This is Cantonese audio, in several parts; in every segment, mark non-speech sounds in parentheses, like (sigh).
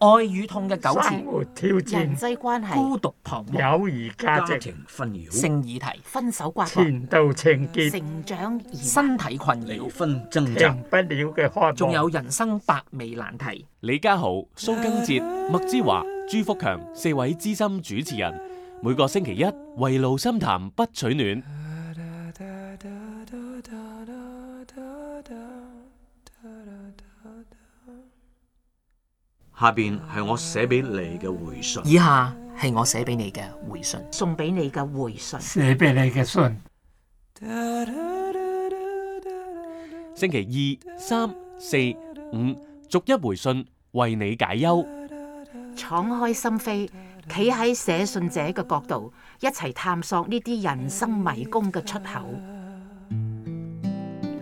愛與痛嘅糾纏，人際關係孤獨彷徨，友誼價值家庭紛擾，性議題，分手瓜葛前度情結，成長身體困擾，離婚爭執，停不了嘅開端，仲有人生百味難題。李家豪、蘇根哲、麥之華、朱福強四位資深主持人，每個星期一圍爐深談，不取暖。下邊係我寫俾你嘅回信。以下係我寫俾你嘅回信，送俾你嘅回信，寫俾你嘅信。星期二、三、四、五，逐一回信，為你解憂。敞開心扉，企喺寫信者嘅角度，一齊探索呢啲人生迷宮嘅出口。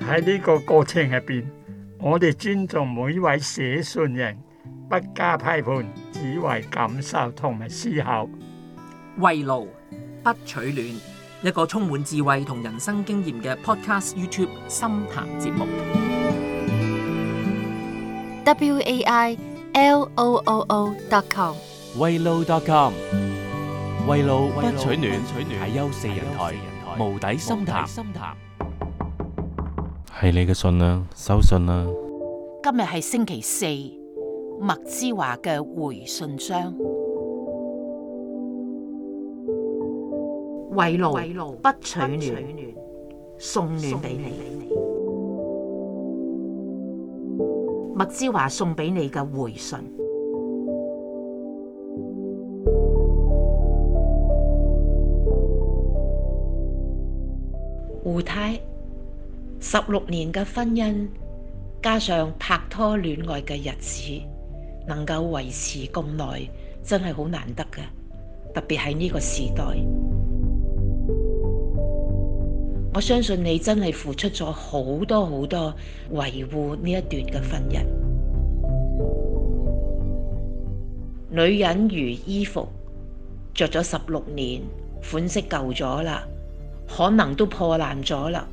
喺呢個過程入邊，我哋尊重每一位寫信人。不加批判，只為感受同埋思考。圍爐不取暖，一個充滿智慧同人生經驗嘅 Podcast YouTube 深談節目。wailooo.com 圍爐 .com 圍爐不取暖，取暖，大優四人台無底深談，係你嘅信啊，收信啦！今日係星期四。麥之華嘅回信箱，圍爐不取暖，送暖俾你。麥之華送俾你嘅回信，胡太十六年嘅婚姻，加上拍拖戀愛嘅日子，能夠維持咁耐，真係好難得嘅，特別喺呢個時代。我相信你真係付出咗好多好多維護呢一段嘅婚姻。女人如衣服，着咗十六年，款式舊咗啦，可能都破爛咗啦，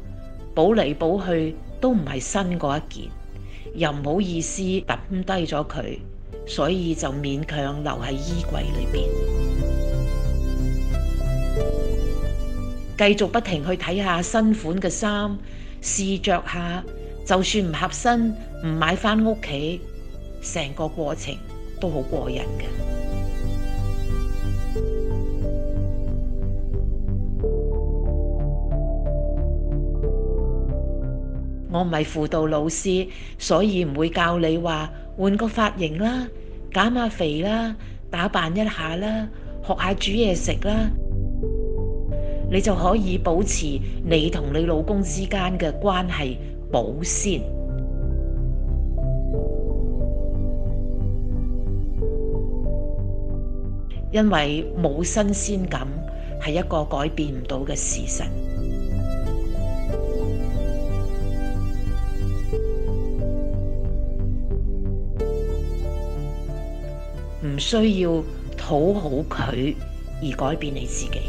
補嚟補去都唔係新嗰一件，又唔好意思抌低咗佢。所以就勉強留喺衣櫃裏邊，繼續不停去睇下新款嘅衫，試着下，就算唔合身，唔買翻屋企，成個過程都好過癮嘅。我唔係輔導老師，所以唔會教你話。換個髮型啦，減下肥啦，打扮一下啦，學下煮嘢食啦，你就可以保持你同你老公之間嘅關係保鮮，因為冇新鮮感係一個改變唔到嘅事實。唔需要討好佢，而改變你自己。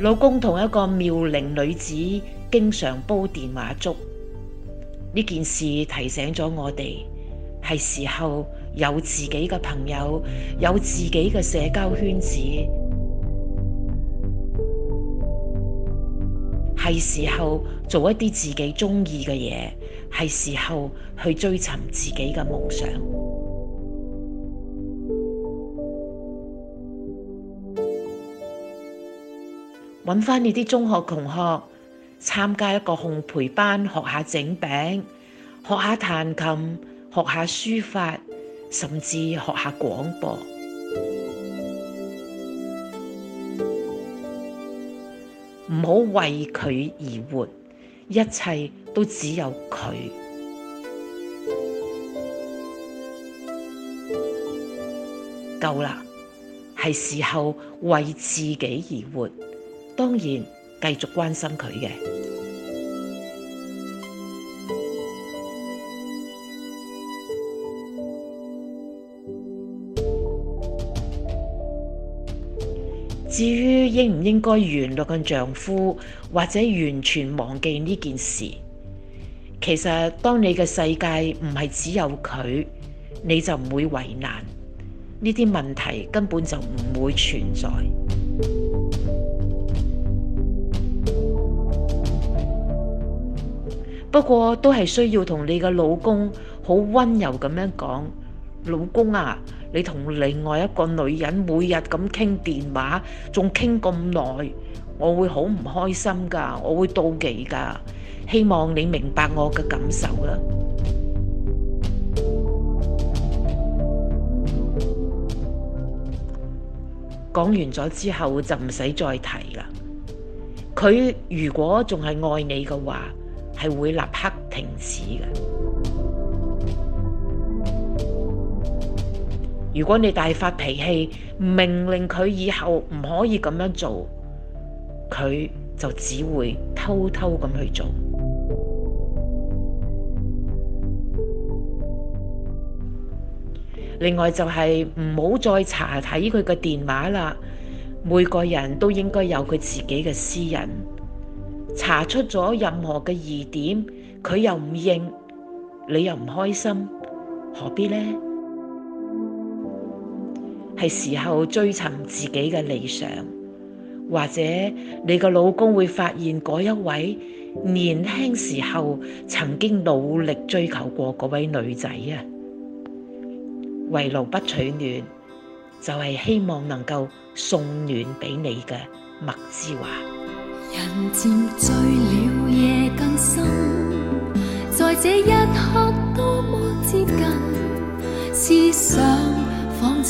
老公同一個妙齡女子經常煲電話粥，呢件事提醒咗我哋，係時候有自己嘅朋友，有自己嘅社交圈子。係時候做一啲自己中意嘅嘢，係時候去追尋自己嘅夢想，揾翻你啲中學同學，參加一個烘焙班，學下整餅，學下彈琴，學下書法，甚至學下廣播。唔好為佢而活，一切都只有佢。夠啦，係時候為自己而活，當然，繼續關心佢嘅。至於應唔應該原諒丈夫，或者完全忘記呢件事，其實當你嘅世界唔係只有佢，你就唔會為難。呢啲問題根本就唔會存在。 (music) 不過都係需要同你嘅老公好溫柔咁樣講，老公啊。你同另外一個女人每日咁傾電話，仲傾咁耐，我會好唔開心噶，我會妒忌噶，希望你明白我嘅感受啦。講完咗之後就唔使再提啦。佢如果仲係愛你嘅話，係會立刻停止嘅。如果你大發脾氣，命令佢以後唔可以咁樣做，佢就只會偷偷咁去做。另外就係唔好再查睇佢嘅電話啦。每個人都應該有佢自己嘅私隱。查出咗任何嘅疑點，佢又唔認，你又唔開心，何必呢？係時候追尋自己嘅理想，或者你個老公會發現嗰一位年輕時候曾經努力追求過嗰位女仔啊！圍爐不取暖，就係希望能夠送暖俾你嘅麥之華。人漸醉了夜更深，在這一刻多麼接近思想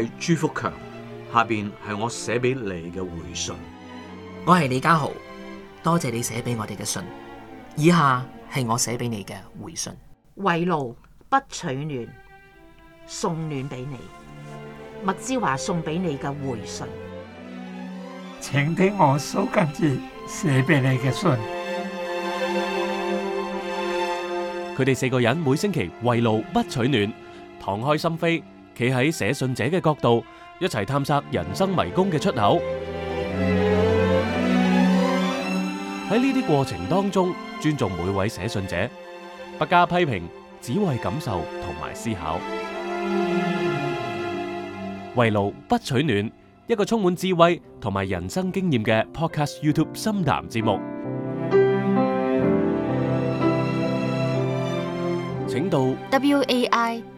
係朱福強，下邊係我寫俾你嘅回信。我係李家豪，多謝你寫俾我哋嘅信，以下係我寫俾你嘅回信。圍爐不取暖，送暖俾你，麥之華送俾你嘅回信，請聽我收跟住寫俾你嘅信。佢哋四個人每星期圍爐不取暖，敞開心扉。企喺寫信者嘅角度，一齊探索人生迷宮嘅出口。喺呢啲過程當中，尊重每位寫信者，不加批評，只為感受同埋思考。圍爐不取暖，一個充滿智慧同埋人生經驗嘅 Podcast YouTube 深談節目，請到 WAI。